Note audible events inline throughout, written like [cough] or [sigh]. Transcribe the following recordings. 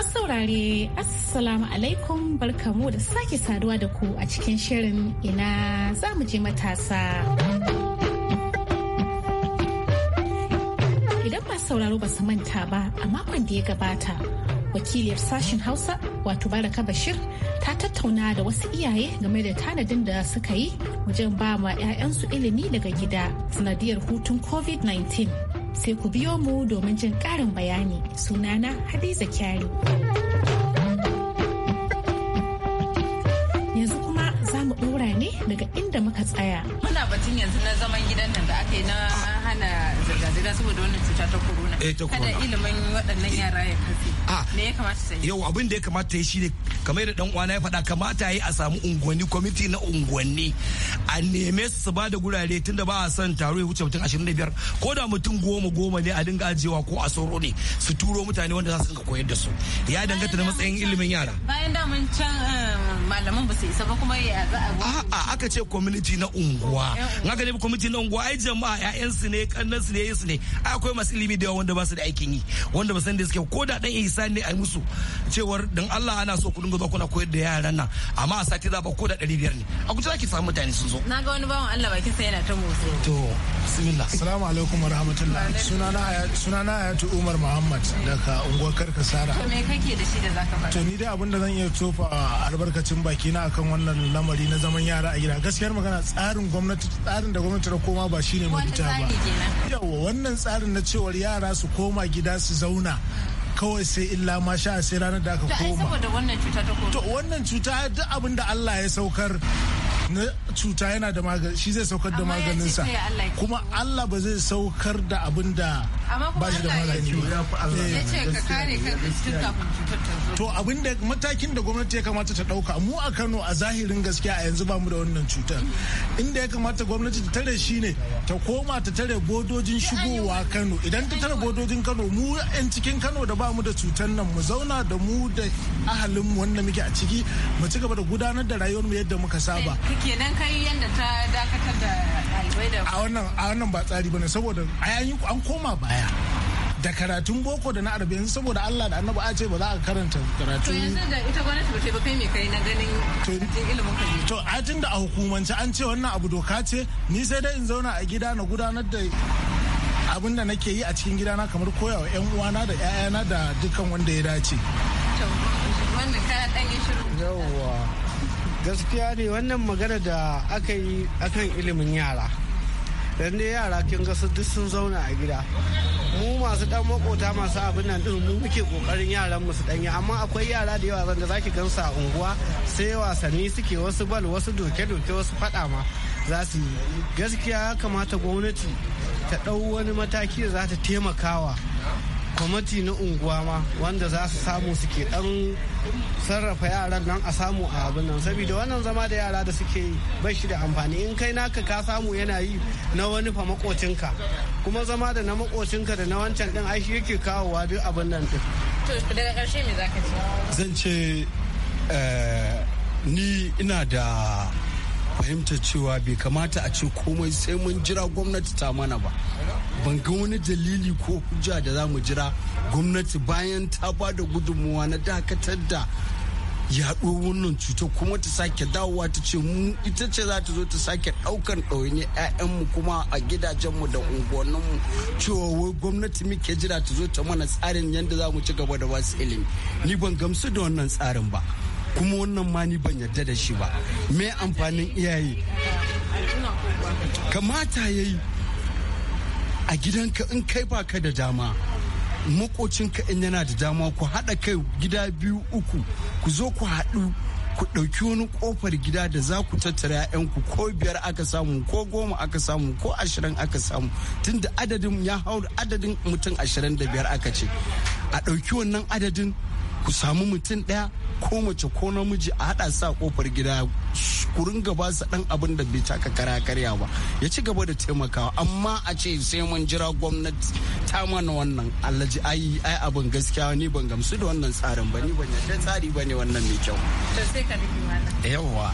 Masu saurare, Assalamu alaikum barkamu da sake saduwa da ku a cikin shirin ina za mu je matasa. Idan masu sauraro ba su manta ba a makon da ya gabata, wakiliyar sashen Hausa wato Baraka Bashir ta tattauna da wasu iyaye game da tanadin da suka yi wajen ba ma 'ya'yansu ilimi daga gida sanadiyar hutun COVID-19. sai ku biyo mu domin jin ƙarin bayani sunana hadiza kyari yanzu kuma za mu ɗora ne daga inda muka tsaya muna batun yanzu na zaman gidan nan da aka yi na hana zirga-zirga saboda wannan cuta ta corona eh, kada ilimin waɗannan yara ya kafe ah, me ya kamata ta yi yau abin da ya kamata ya shi ne. kamar da dan uwana ya faɗa kamata yi a samu unguwanni kwamiti na unguwanni a neme su ba da gurare tunda ba a son taro ya wuce mutum 25 ko da mutum goma goma ne a dinga ajiyewa ko a sauro ne su turo mutane wanda za su dinga koyar da su ya danganta da matsayin ilimin yara bayan da mun can eh, malaman ba su isa ba kuma ya za a a'a aka ce community na unguwa nga ga ne community na unguwa ai jama'a ƴaƴan su ne kannan su ne yin su ne ai akwai masu ilimi da yawa wanda ba su da aikin yi wanda ba san da suke ko da dan ihsan ne ai musu cewar dan Allah ana so ku ringa zuwa kuna koyar da yaran nan amma a sati za ba ko da ɗari biyar ne a guji za ki samu mutane sun zo. na ga wani bawan allah bakin sa yana ta motsi. to bismillah. assalamu alaikum warahmatullah sunana ayatu umar muhammad daga unguwar karkasara. to me kake da shi da zaka ba. to ni dai abin da zan iya tofa albarkacin baki na akan wannan lamari na zaman yara a gida gaskiyar magana tsarin gwamnati tsarin da gwamnati ta koma ba shine mafita ba. wannan tsarin na cewar yara su koma gida su zauna kawai sai illa ma sha sai ranar da aka koma. saboda wannan cuta ta To wannan cuta duk abin da Allah ya saukar na cuta yana da magani shi zai saukar da maganinsa kuma Allah ba zai saukar da abin da ba shi da magani ba. To abin da matakin da gwamnati ya kamata ta dauka mu a Kano a zahirin gaskiya a yanzu ba mu da wannan cutar. Inda ya kamata gwamnati ta tare shi ne ta koma ta tare bodojin shigowa Kano idan ta tare bodojin Kano mu 'yan cikin Kano da ba mu da cutar nan mu zauna da mu da ahalin mu wanda muke a ciki mu ci gaba da gudanar da rayuwar mu yadda muka saba eh, kenan kai yanda ta dakatar da rayuwar da a wannan a wannan ba tsari bane saboda an koma baya da karatun boko da na arabi yanzu saboda Allah da annabi a ce ba za a karanta karatu to yanzu da ita gwamnati ba ce ba kai me kai na ganin ilimin ka to a tunda a hukumance an ce wannan abu doka ce ni sai dai in zauna a gida na gudanar da abin da nake yi a cikin gidana kamar koyawa 'yan uwana da 'ya'yana da dukkan wanda ya dace gaskiya ne wannan magana da aka yi akan ilimin yara dan dai yara kin ga duk sun zauna a gida mu masu dan makota masu abin nan din mu muke kokarin yaran mu su yi. amma akwai yara da yawa zanga zaki gansa a unguwa sai wasanni suke wasu bal wasu doke doke wasu fada ma za su yi gaskiya ya kamata gwamnati ta ɗau wani mataki da za ta taimakawa kwamati na unguwa ma wanda za su samu suke ɗan sarrafa yaran nan a samu a abin nan saboda wannan zama da yara da suke yi bai shi da amfani in kai naka ka samu yana yi na wani fa makocinka kuma zama da na makocinka da na wancan ɗin ai shi yake kawowa duk abin nan ɗin. daga ƙarshe me zaka ce zan ce eh, ni ina da fahimta cewa bai kamata a ce komai sai mun jira gwamnati ta mana ba ban ga wani dalili ko hujja da za mu jira gwamnati bayan ta ba da gudunmuwa na dakatar da yaɗo wannan cuta kuma ta sake dawowa ta ce mu ita ce za ta zo ta sake ɗaukan ɗawaini 'ya'yanmu kuma a gidajenmu da unguwanninmu cewa wai gwamnati muke jira ta zo ta mana tsarin yadda za mu ci gaba da wasu ilimi ni ban gamsu da wannan tsarin ba kuma wannan mani ban yarda da shi ba me amfanin iyaye kamata ya yi a gidanka in kai baka da dama makocinka in yana da dama ku haɗa kai gida biyu uku ku zo ku haɗu ku ɗauki wani ƙofar gida da za ku tattara 'ya'yanku ko biyar aka samu ko goma aka samu ko ashirin aka samu tunda adadin ya hau adadin mutum ashirin da biyar aka ce a ɗauki wannan adadin ku samu mutum ɗaya ko mace ko namiji a haɗa sa kofar gida ku ringa ba su ɗan abin da bai taka kara karya ba ya ci gaba da taimakawa amma a ce sai mun jira gwamnati ta mana wannan alhaji ai ai abin gaskiya ni ban gamsu da wannan tsarin ba ni ban yarda tsari ba ne wannan mai kyau to sai ka nufi wannan yawwa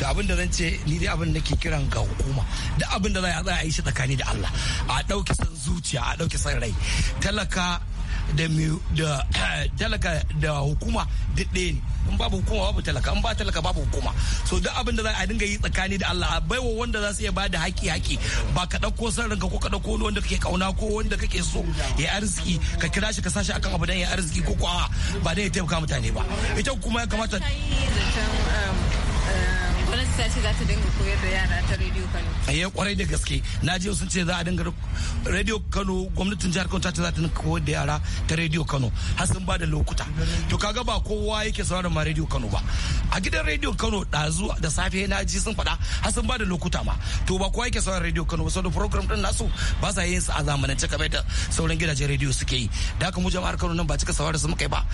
da abin da zan ce ni dai abin da ke kiran ga hukuma da abin da za a yi shi tsakani da Allah a ɗauke san zuciya a ɗauke san rai talaka da [clears throat] talaka da hukuma duk ɗaya ne in babu hukuma babu talaka in ba talaka babu hukuma so duk abin da za a dinga yi tsakani da Allah bai wa wanda za su iya bada haƙi haƙi ba ka ɗauko san ranka ko ka ɗauko wanda kake kauna ko wanda kake so ya arziki ka kira shi ka sashi akan abu dan ya arziki ko ko ba dan ya taimaka mutane ba ita kuma ya kamata ta za ta dinga koyar da yara ta radio kano ayyai eh, kwarai da gaske na ji sun ce za a dinga radio kano gwamnatin jihar kano ta ce za ta dinga koyar da yara ta radio kano har sun ba da lokuta to kaga ba kowa yake sauraron ma radio kano ba a gidan radio kano ɗazu da safe na ji sun faɗa har sun ba da lokuta ma to ba kowa yake sauraron radio kano ba saboda program din nasu ba sa yin su a zamanance kamar da sauran gidajen radio suke yi da haka mu jama'ar kano nan ba cika sauraron su muka yi ba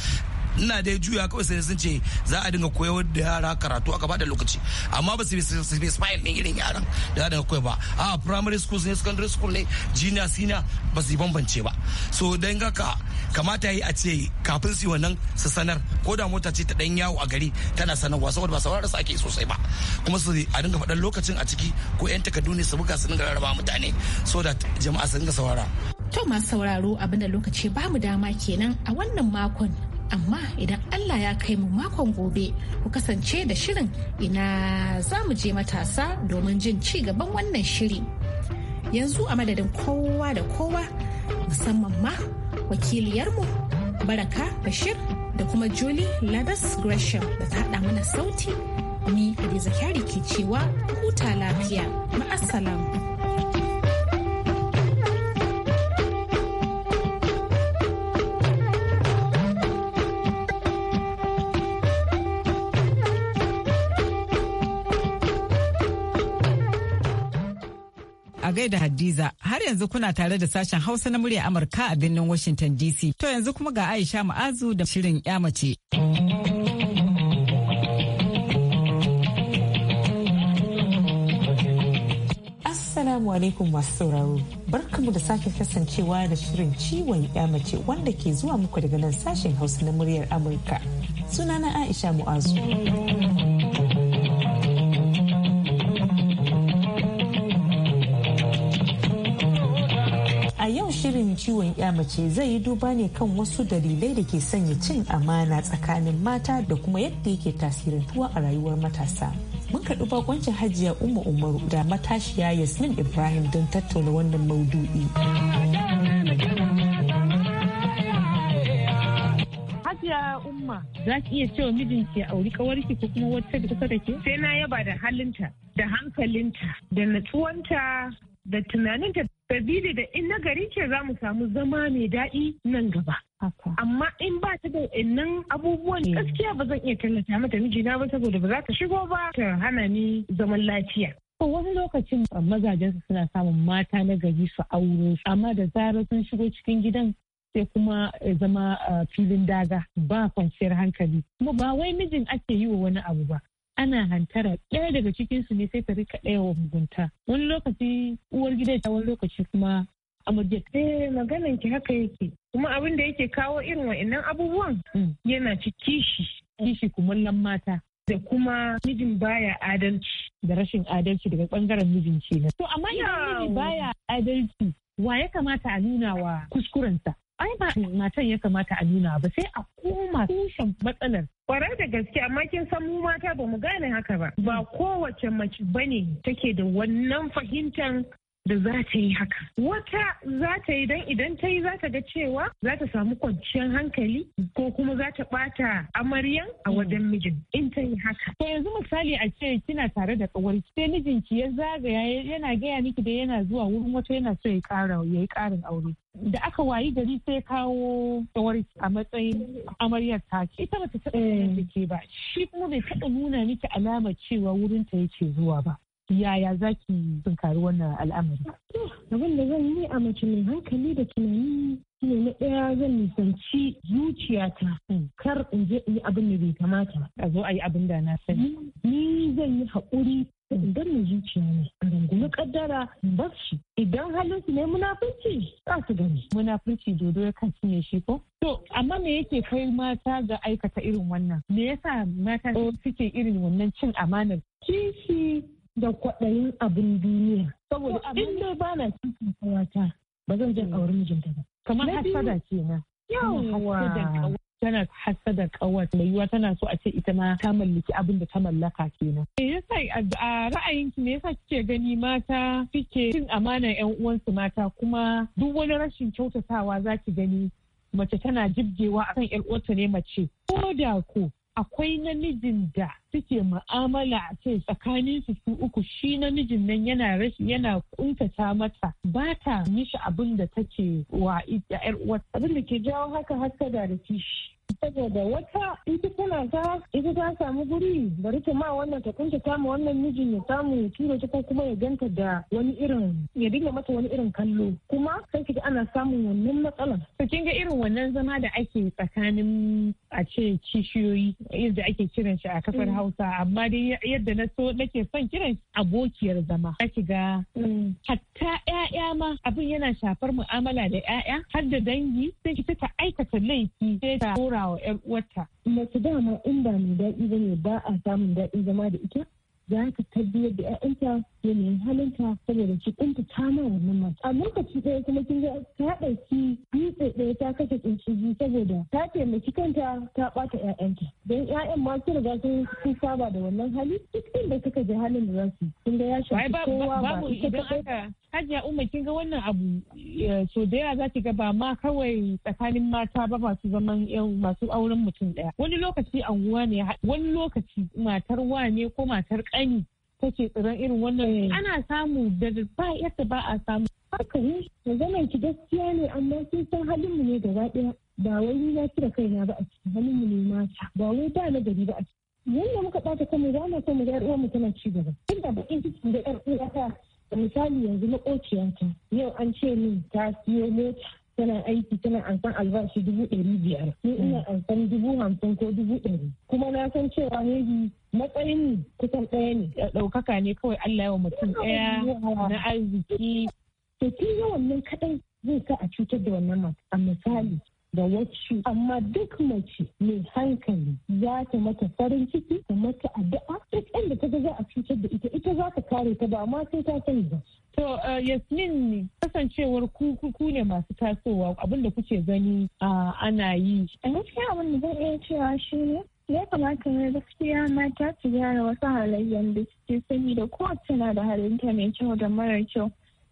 ina dai juya kawai sai sun ce za a dinga koyar da yara karatu aka bada lokaci amma ba su bi specifying din irin yaran da dinga koyar ba a primary school ne secondary school ne junior senior ba su bambance ba so dan haka kamata yi a ce kafin su yi wannan su sanar ko da mota ce ta dan yawo a gari tana sanarwa saboda ba saurara su ake sosai ba kuma su a dinga faɗan lokacin a ciki ko yan takardu ne su buga su dinga rarraba mutane so da jama'a su dinga saurara to masu sauraro abinda lokaci ba mu dama kenan a wannan makon amma idan Allah ya kai mu makon gobe ku kasance da shirin ina za mu je matasa domin jin ci gaban wannan shiri yanzu a madadin kowa da kowa musamman ma wakiliyarmu baraka bashir da kuma julie ladas gresham da ta haɗa mana sauti ni hadiza kyari ke cewa huta lafiya ma'asalam. da Hadiza har yanzu kuna tare da sashen Hausa na murya Amurka a birnin Washington DC. To yanzu kuma ga Aisha Ma'azu da shirin mace. Assalamu alaikum masu sauraro. Barkamu da sake kasancewa da shirin ciwon ya mace wanda ke zuwa muku daga nan sashen Hausa na muryar Amurka. Sunana Aisha Mu'azu. shirin ciwon ya mace zai yi duba ne kan wasu dalilai da ke sanya cin amana tsakanin mata da kuma yadda yake tasirantuwa a rayuwar matasa. Mun karɓi bakoncin hajiya Umma Umaru da matashiya Yasmin Ibrahim don tattauna wannan maudu'i. Hajiya Umma za ki iya cewa mijinki auri kawarki ko kuma wata da kusa da ke? Sai na yaba da halinta, da hankalinta, da natsuwanta, da tunaninta sabili da in nagari ce za mu samu zama mai daɗi nan gaba. Amma in ba ta da innan abubuwan eh. gaskiya ba zan iya tallata mata mijina ba saboda ba za ta shigo ba ta hana ni zaman lafiya. wani lokacin mazajensu suna samun mata na gari su aure. amma da zarar sun shigo cikin gidan sai kuma eh, zama filin daga ba kwanciyar hankali kuma ba wai mijin ake yi wa wani abu ba ana hantara ɗaya daga cikin su ne sai ta rika ɗaya wa mugunta wani lokaci uwar gida ta wani lokaci kuma amurje eh maganan ki haka yake kuma abin da yake kawo irin wa'annan abubuwan mm. yana ci kishi kishi kumallon mata da kuma mijin baya adalci da rashin adalci daga bangaren mijin na to amma idan miji baya adalci wa ya kamata a nuna wa kuskurensa ai ba matan ya kamata a nuna ba sai a koma tushen matsalar kwarar da gaske amma kin san mu mata ba mu gane haka ba ba kowace mace bane take da wannan fahimtar da za ta yi haka. Wata za ta yi don idan ta yi za ta ga cewa za ta samu kwanciyar hankali ko kuma za ta bata amaryan a hmm. wajen mijin in ta yi haka. To yanzu misali a ce kina tare da kawar sai mijinki ya zagaya yana gaya miki da yana zuwa wurin wata yana so ya kara yi karin aure. Da aka wayi gari sai kawo kawar a matsayin amaryar ta ce ita bata taɓa eh. ba shi kuma bai taɓa nuna miki alamar cewa wurin ta yake zuwa ba. yaya za ki tunkari wannan al'amari? Abin da zan yi a mace mai hankali da tunani shine na ɗaya zan nisanci zuciyata kar in je in yi abin da bai kamata. A zo a yi abin da na sani. Ni zan yi haƙuri idan na zuciya ne a rungumi kaddara bar shi idan halin su ne munafunci za su gani munafunci dodo ya kan cinye shi ko to amma me yake kai mata ga aikata irin wannan me yasa mata suke irin wannan cin amanar kishi da kwaɗayin abin duniya. Saboda abin da ba na cikin kawata ba zan jan aure mijinta ba. Kamar hasada na. Yawwa. tana hasada kawar mai tana so a ce ita ma ta mallaki abin da ta mallaka kenan. Me yasa a ra'ayinki me yasa kike gani mata suke cin amanar yan uwansu mata kuma duk wani rashin kyautatawa zaki gani mace tana jibgewa akan yar uwarta ne mace. Ko da ko akwai namijin da suke ma'amala a ce tsakanin su su uku shi namijin nan yana rashi yana kuntata mata ba ta mishi abin da take wa yar uwa abin da ke jawo haka hassada da kishi saboda wata ita tana ta ita ta samu guri bari ta ma wannan ta kunta ta ma wannan mijin ya samu ya tura ta ko kuma ya ganta da wani irin ya dinga mata wani irin kallo kuma sai ki ana samun wannan matsalan to kin ga irin wannan zama da ake tsakanin a ce kishiyoyi yadda ake kiran shi a kafar mm. hausa amma dai yadda na so nake son kiran abokiyar zama ake ga mm. hatta 'ya'ya ma abin yana shafar mu'amala da 'ya'ya. har da dangi sai ki ta aikata laifi sai ta dora wa ƴar uwarta mace dama in ba mai daɗi bane ba a samun daɗin zama da ita za ka tabbiyar da ya'yanta yanayin halinta saboda shi kunta ta ma wannan mata a lokaci ɗaya kuma kin ga ta ɗauki dutse ɗaya ta kashe biyu saboda ta taimaki kanta ta ɓata ƴaƴanta don ƴaƴan ma su riga sun saba da wannan hali duk inda suka je halin da za su kin ga ya shafi kowa ba ita ta Hajiya Umar kin ga wannan abu eh, so da yawa za ki ga ba ma kawai tsakanin mata ba masu zaman masu auren mutum ɗaya. Wani lokaci anguwa ne wani lokaci matar wa ne ko matar ƙani take tsiron irin wannan ana samu da ba yadda ba a samu haka ne zama ki gaskiya ne amma sun san halin mu ne gaba daya ba wai ni na kira kaina ba a cikin halin mu ne mata ba wai ba na gari ba a cikin yanda muka bata kanmu za mu san mu ga yar mu tana ci gaba inda bakin cikin da yar uwa ta misali yanzu makociyata yau an ce min ta siyo mota tana aiki tana amfan albashi dubu ɗari biyar ni ina hmm. amfan dubu hamsin ko dubu ɗari kuma na san cewa maybe matsayin kusan ɗaya ne ɗaukaka ne kawai Allah yawa mutum ɗaya na arziki to kin yawan wannan kaɗai zai sa a cutar da wannan mata a misali da wacce amma duk mace mai hankali za ta mata farin ciki da mata addu'a duk inda ta ga za a cutar da ita ita za ta kare ta ba ma sai ta sani ba To uh, Yasmin ne kasancewar ku ne masu tasowa abinda kuke gani uh, ana yi. A eh, gaskiya abin da zan iya cewa shi ne ya kamata na gaskiya mata su gyara wasu halayyar da suke da kowace na da halinta mai kyau da mara kyau.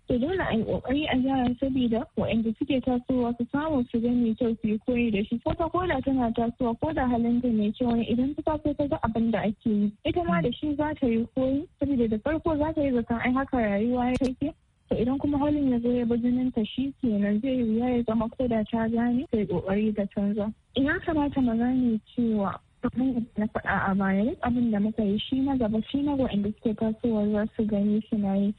to dole a yi kokari a jihar saboda waɗanda suke tasowa su samu su gani kyau su yi koyi da shi ko ta koda tana tasowa ko da halin da mai kyau ne idan ta taso ta ga abin da ake yi ita ma da shi za ta yi koyi saboda da farko za ta yi zaton ai haka rayuwa ya take to idan kuma halin ya zo ya jinin ta shi kenan zai yi wuya ya zama ko da ta gane yi kokari da canza ina kamata mu gane cewa kamar na faɗa a baya duk abin da muka yi shi na gaba shi na waɗanda suke tasowa za su gani na yi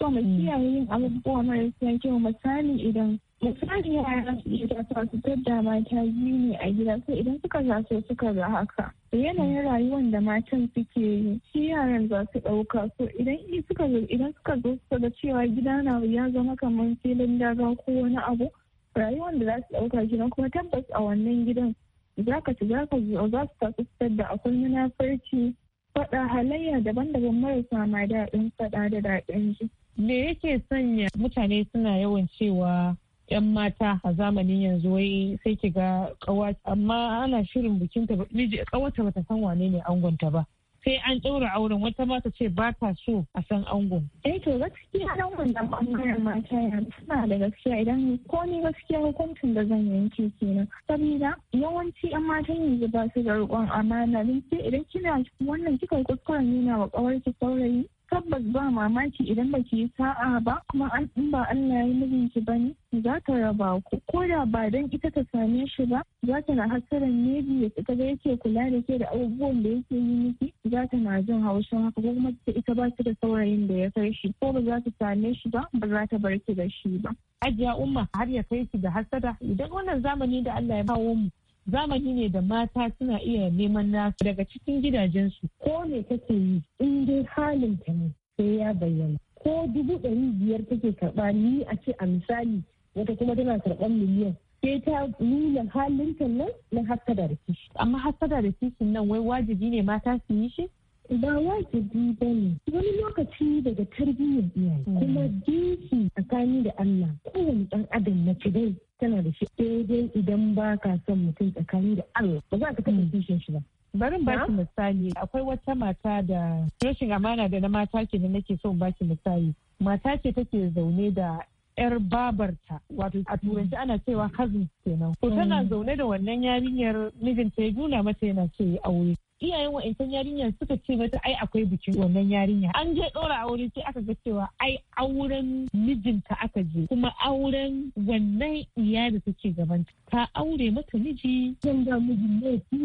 to mu mm. kiyaye yin abubuwa marasa kyau misali idan misali yara su ta tafiya su tadda mata biyu ne a gida sai idan suka za su suka ga haka yanayin mm. rayuwar da matan suke yi shi yaran za su ɗauka so idan suka zo idan suka zo suka ga cewa gida na ya zama kamar filin daga ko wani abu rayuwar da za su ɗauka kenan kuma tabbas a wannan gidan za ka ci za ka zo za su tafi fitar da akwai munafarci faɗa halayya daban-daban marasa ma daɗin faɗa da daɗin ji me yake sanya mutane suna yawan cewa 'yan mata a zamanin yanzu wai sai ki ga kawa amma ana shirin bikin miji kawata bata san wane ne angonta ba sai an ɗaura auren wata mata ce ba ta so a san angon. Eh to gaskiya dan wannan bangaren mata ya suna da gaskiya idan ko ni gaskiya hukuncin da zan yanke kenan. Sabida yawanci 'yan mata yanzu ba su da roƙon amana sai idan kina wannan kika kuskuren nuna wa ki saurayi tabbas ba mamaki idan ba ke yi sa'a ba kuma an in ba Allah ya mijin ki bane za ta raba ku ko da ba dan ita ta same shi ba za ta na hasaran ne da ita ga yake kula da ke da abubuwan da yake yi miki za ta na jin haushin haka ko kuma ita ba ta da saurayin da ya kai shi ko ba za ta same shi ba ba za ta bar ki da shi ba ajiya umma har ya kai ki da hasada idan wannan zamani da Allah ya kawo mu zamani ne da mata suna iya neman nasu daga cikin gidajensu ko ne kake yi in dai halin ta ne sai ya bayyana ko dubu ɗari biyar take karɓa ni a ce a misali wata kuma tana karɓar miliyan sai ta nuna halin ta nan na hasada da kishi amma hasada da kishin nan wai wajibi ne mata su yi shi ba wajibi ba ne wani lokaci daga tarbiyyar iyaye kuma dinki mm. tsakani da Allah kowane ɗan adam na dai tana da shi daidai idan ba ka son mutum tsakani da Allah ba za ka taɓa mm. kishin shi ba. Barin baki misali akwai wata mata da rashin amana da na mata ke da nake son baki misali mata ce take zaune da yar babarta wato a turanci ana cewa cousin kenan ko tana mm. zaune da wannan yarinyar mijinta ya nuna mata yana ce aure iyayen wa'ancan yarinyar suka ce mata ai akwai bikin wannan yarinya an je ɗora aure sai aka ga cewa ai auren mijinta aka je kuma auren wannan iya da take gaban ta aure mata miji zan ga mijin laifi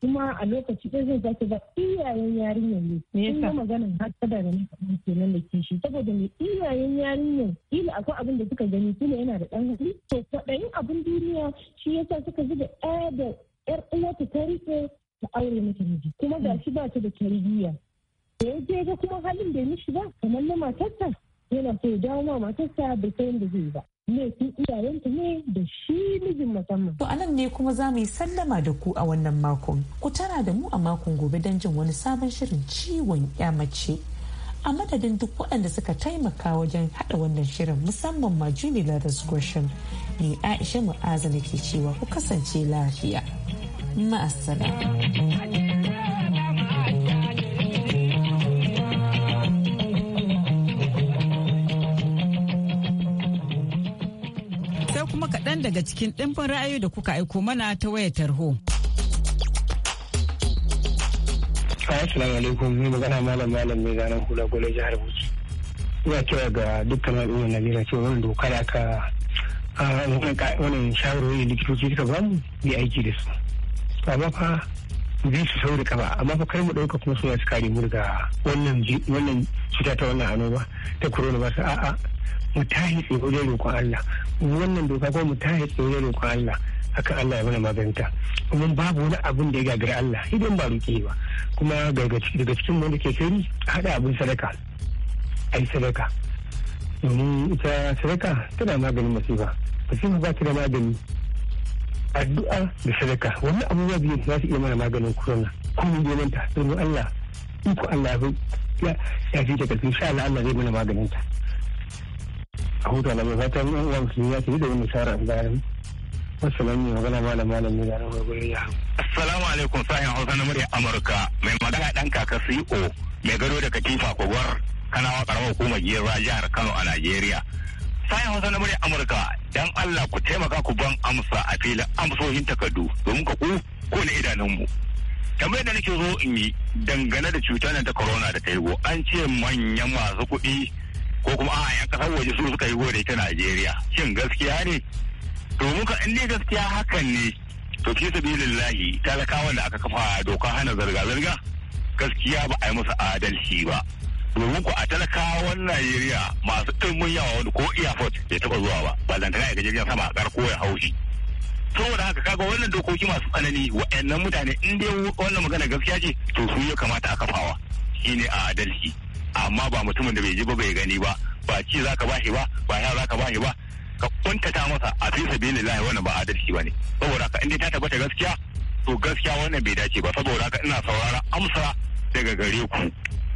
kuma a lokaci ɗaya zai zaki ga iyayen yarinyar ne me yasa har ta da ne kamar kenan da kishi saboda me iyayen yarinyar kila akwai abin da suka gani kuma yana da ɗan hali to kwaɗayin abin duniya shi yasa suka zuba ɗaya da yar uwata ta rike ta aure mata miji kuma hmm. ga shi ba ta da tarbiyya da ya je ga kuma halin da mishi ba kamar na matarsa yana so ya dawo ma matarsa bai san da zai ba laifin iyayenta ne da shi mijin musamman. To anan ne kuma za mu yi sallama da ku a wannan makon. Ku tara da mu a makon gobe don jin wani sabon shirin ciwon ya mace. A madadin duk waɗanda suka taimaka wajen haɗa wannan shirin musamman ma Julie Ladas Gresham ne Aisha Mu'aza ke cewa ku kasance lafiya. ma'asala. kuma kaɗan daga cikin ɗimbin ra'ayoyi da kuka aiko mana ta wayar tarho. Assalamu alaikum, ni magana malam malam mai zanen hula gole jihar Bauchi. Ina kira ga dukkan al'ummar Najeriya cewa wannan doka da aka wannan shawarwari likitoci suka bamu bi aiki da su. amma fa bi su sau da kaba amma fa kai mu ɗauka kuma suna su kare mu daga wannan wannan cuta ta wannan hannu ba ta corona ba a'a mu tahi tsaye roƙon Allah wannan doka kuma mu tahi tsaye roƙon Allah haka Allah ya mana maganta kuma babu wani abin da ya gagara Allah idan ba roƙe ba kuma daga cikin wanda ke kari haɗa abin sadaka ai sadaka domin ita sadaka tana maganin masifa masifa ba ta da magani addu'a da sadaka wannan abubuwa biyu za su iya mana maganin corona ko mun neman ta domin Allah ku Allah ya ya fi ta karfi insha Allah Allah zai mana maganin ta a huta na mai fatan an uwa musulmi ya tafi da wani sara bayan Assalamu magana malam malam ne da rawar gurin ya. Assalamu alaikum sahin Hausa na murya Amurka mai magana dan kaka CEO mai gado da katifa kogwar kanawa karamar hukumar Gera jihar Kano a Najeriya. sayan hausa na murya amurka dan allah ku taimaka ku ban amsa a filin amsohin takardu domin ka ku ko na idanunmu kamar da nake zo in yi dangane da cutar nan ta corona da ta yi an ce manyan masu kuɗi ko kuma a yan kasar waje su suka yi gore ta najeriya shin gaskiya ne to muka in gaskiya hakan ne to fi sabilillahi talakawan da aka kafa doka hana zarga-zarga gaskiya ba a yi musu adalci ba domin ku a talakawan Najeriya masu ɗimbin yawa wani ko airport ya taɓa zuwa ba ba zan tana ga sama a ko ya haushi saboda haka kaga wannan dokoki masu tsanani wa'annan mutane in dai wannan magana gaskiya ce to su ya kamata a kafawa shine a adalci amma ba mutumin da bai ji ba bai gani ba ba ci zaka bashi ba ba ya zaka bashi ba ka kuntata masa a fi lahi wannan ba adalci ne saboda haka in dai ta tabbata gaskiya to gaskiya wannan bai dace ba saboda haka ina saurara amsa daga gare ku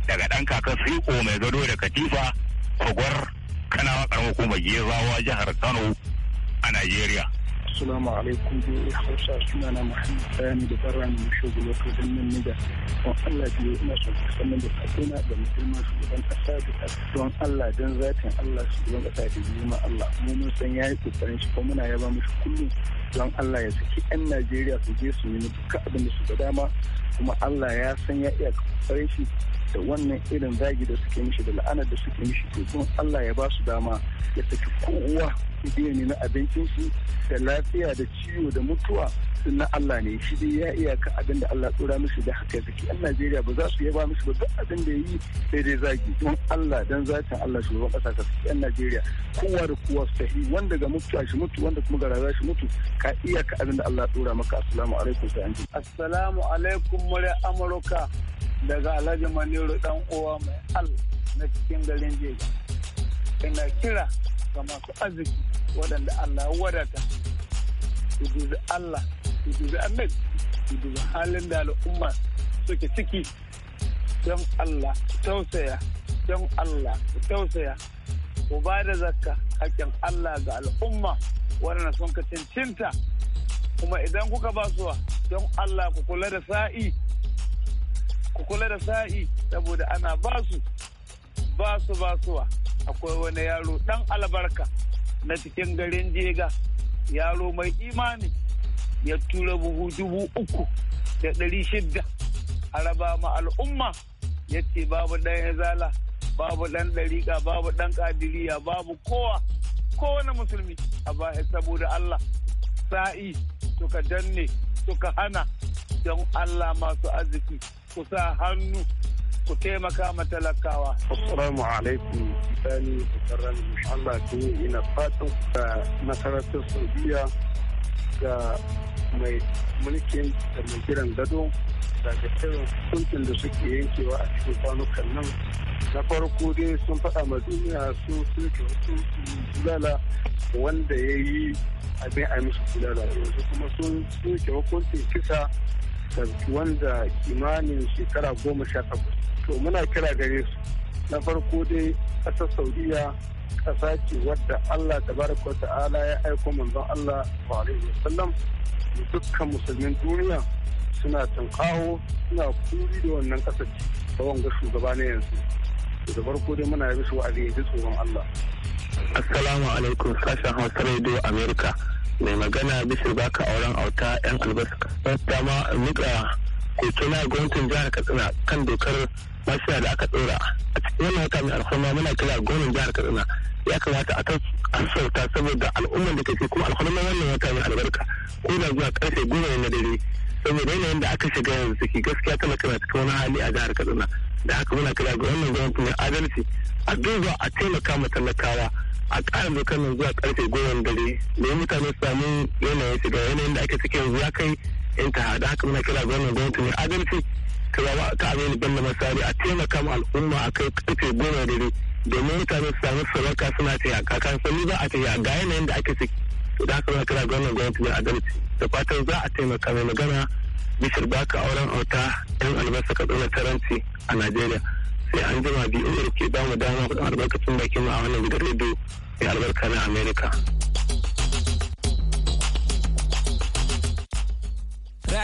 daga ɗan kaka siko mai gado da katifa Kogwar, kanawa karamar hukumar gezawa jihar kano a najeriya Assalamu alaikum bi Hausa suna na Muhammad Sani da Barra mu shugo lokacin nan ne da don Allah biyo ina son ka da sakona da musulman shugaban kasa da don Allah dan zatin Allah shugaban kasa da ma Allah mu mun san yayi kokarin shi kuma muna yaba mishi kullum don Allah ya saki 'yan Najeriya su je su yi duka abin da suka dama kuma Allah ya san ya iya kokarin shi da wannan irin zagi da suke mishi da la'anar da suke mishi to don Allah ya ba su dama ya saki kowa idiya ne na abincin shi da lafiya da ciwo da mutuwa sun na Allah ne shi dai ya iya abin da Allah tsora musu da haka zaki yan Najeriya ba za su yaba musu ba duk abin da yi sai dai zagi don Allah dan zata Allah shugaban kasa ka yan Najeriya kowa da kowa su tafi wanda ga mutuwa shi mutu wanda kuma ga rayuwa shi mutu ka iya abin da Allah tsora maka assalamu alaikum sai anji assalamu alaikum murya Amurka daga Alhaji Maniru dan uwa mai al na cikin garin Jeji ina kira ga masu arziki waɗanda Allah wadata su dubi Allah su dubi Ahmed su dubi halin da al'umma suke ciki don Allah tausaya don Allah tausaya ku ba da zakka hakkin Allah ga al'umma wannan sun ka cincinta kuma idan kuka ba suwa don Allah ku kula da sa'i ku kula da sa'i saboda ana ba su ba su ba suwa akwai wani yaro dan albarka na cikin garin jega yaro mai imani ya tura buhu dubu uku da ɗari shidda a raba ma al'umma ya ce babu ɗan zala babu ɗan ɗariƙa babu ɗan ƙadiriya babu kowa kowane musulmi a baya saboda Allah sa'i suka danne suka hana don Allah masu arziki ku sa hannu ku taimaka ma talakawa. Assalamu alaikum sani kusurran Allah yi ina fatan da masarautar Saudiya ga mai mulkin da mai kiran gado daga kiran hukuncin da suke yankewa a cikin kwanukan nan na farko dai sun faɗa ma duniya su suke hulala wanda ya yi abin a musu yanzu kuma sun suke hukuncin kisa wanda kimanin shekara goma sha takwas to muna kira gare su na farko dai ƙasar saudiya ƙasa ce wadda allah tabaraka ta'ala ya aiko manzon allah alaihi da dukkan musulmin duniya suna tunkawo suna kuri da wannan ƙasar ta wanga shugaba na yanzu da farko dai muna yi su wa'azi tsoron allah assalamu alaikum sashen hausa radio america mai magana bishir baka auren auta yan albasa dama mika tuna gwamnatin jihar katsina kan dokar lafiya da aka tsora a cikin wannan wata mai alfarma muna kira gwamnan jihar kaduna ya kamata a sassauta saboda al'umman da ke kuma alfarma wannan wata mai albarka ko da zuwa karfe goma na dare saboda yanayin da aka shiga yanzu suke gaskiya ta na cikin wani hali a jihar kaduna da haka muna kira ga wannan gwamnati mai adalci a duba a taimaka ma talakawa a ƙara dokar nan zuwa karfe goma dare da mutane su samu yanayin shiga yanayin da ake cikin yanzu ya kai in ta haka muna kira ga wannan gwamnati mai adalci shugaba ka amini bello masari a taimaka ma al'umma a kai karfe goma da dare domin mutane su samu sadaka suna ta yaka kan sani ba a ta yaka ga yanayin da ake siki to da aka kira ga wannan gwamnati da adalci da fatan za a taimaka mai magana bishir baka auren auta yan albasa ka tsona taranci a najeriya sai an jima biyu ke ba mu dama kudin albarkacin bakin a wannan gidan rediyo mai albarka na america.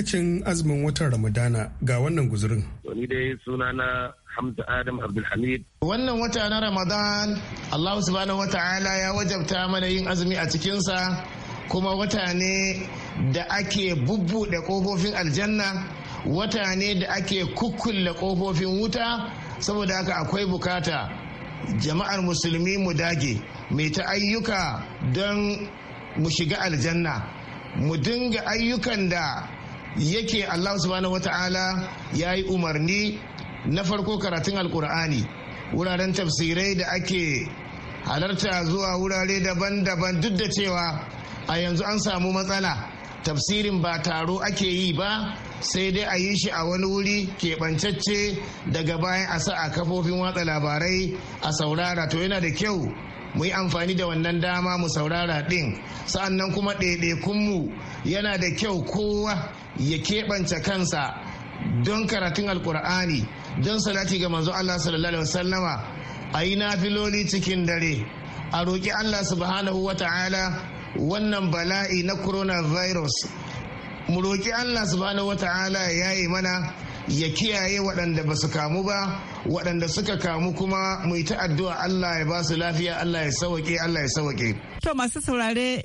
lokacin azumin watan ramadana ga wannan guzurin Wani dai suna na Hamza Adam Abdulhamid. Wannan wata na Ramadan, Allah subhanahu wa ta'ala ya wajabta mana yin azumi a cikinsa, kuma wata ne da ake bubbuɗe ƙofofin aljanna, wata ne da ake kukkulle ƙofofin wuta, saboda haka akwai bukata. Jama'ar musulmi mu dage, mai ta ayyuka don mu shiga aljanna, mu dinga ayyukan da yake Allah subhanahu wata'ala ya yi umarni na farko karatun alkur'ani wuraren tafsirai da ake halarta zuwa wurare daban-daban duk da cewa a yanzu an samu matsala tafsirin ba taro ake yi ba sai dai a yi shi a wani wuri keɓancacce daga bayan a sa a kafofin watsa labarai a saurara to yana da kyau mu yi amfani da wannan dama mu saurara ɗin sa'annan kuma ɗaiɗaikunmu yana da kyau kowa ya keɓance kansa don karatun alkur'ani don salati ga manzo Allah sallallahu alaihi wasallama a yi na nafiloli cikin dare a roƙi Allah subhanahu wa ta'ala wannan bala'i na coronavirus mu roƙi Allah subhanahu wa ta'ala ya yi mana ya kiyaye waɗanda ba su kamu ba waɗanda suka kamu kuma mu yi ta'addu'a Allah ya ba su lafiya Allah ya sauke Allah ya sauke. To masu saurare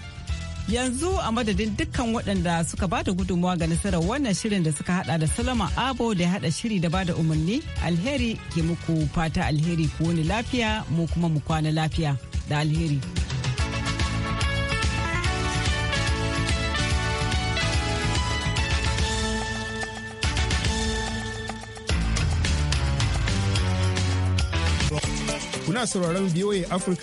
yanzu a madadin dukkan waɗanda suka ba da gudunmawa ga nasarar wannan shirin da suka hada da salama abo da ya hada shiri da ba da umarni alheri ke muku fata alheri ku wani lafiya mu kuma mu kwana lafiya da alheri kuna sauraron BOA Africa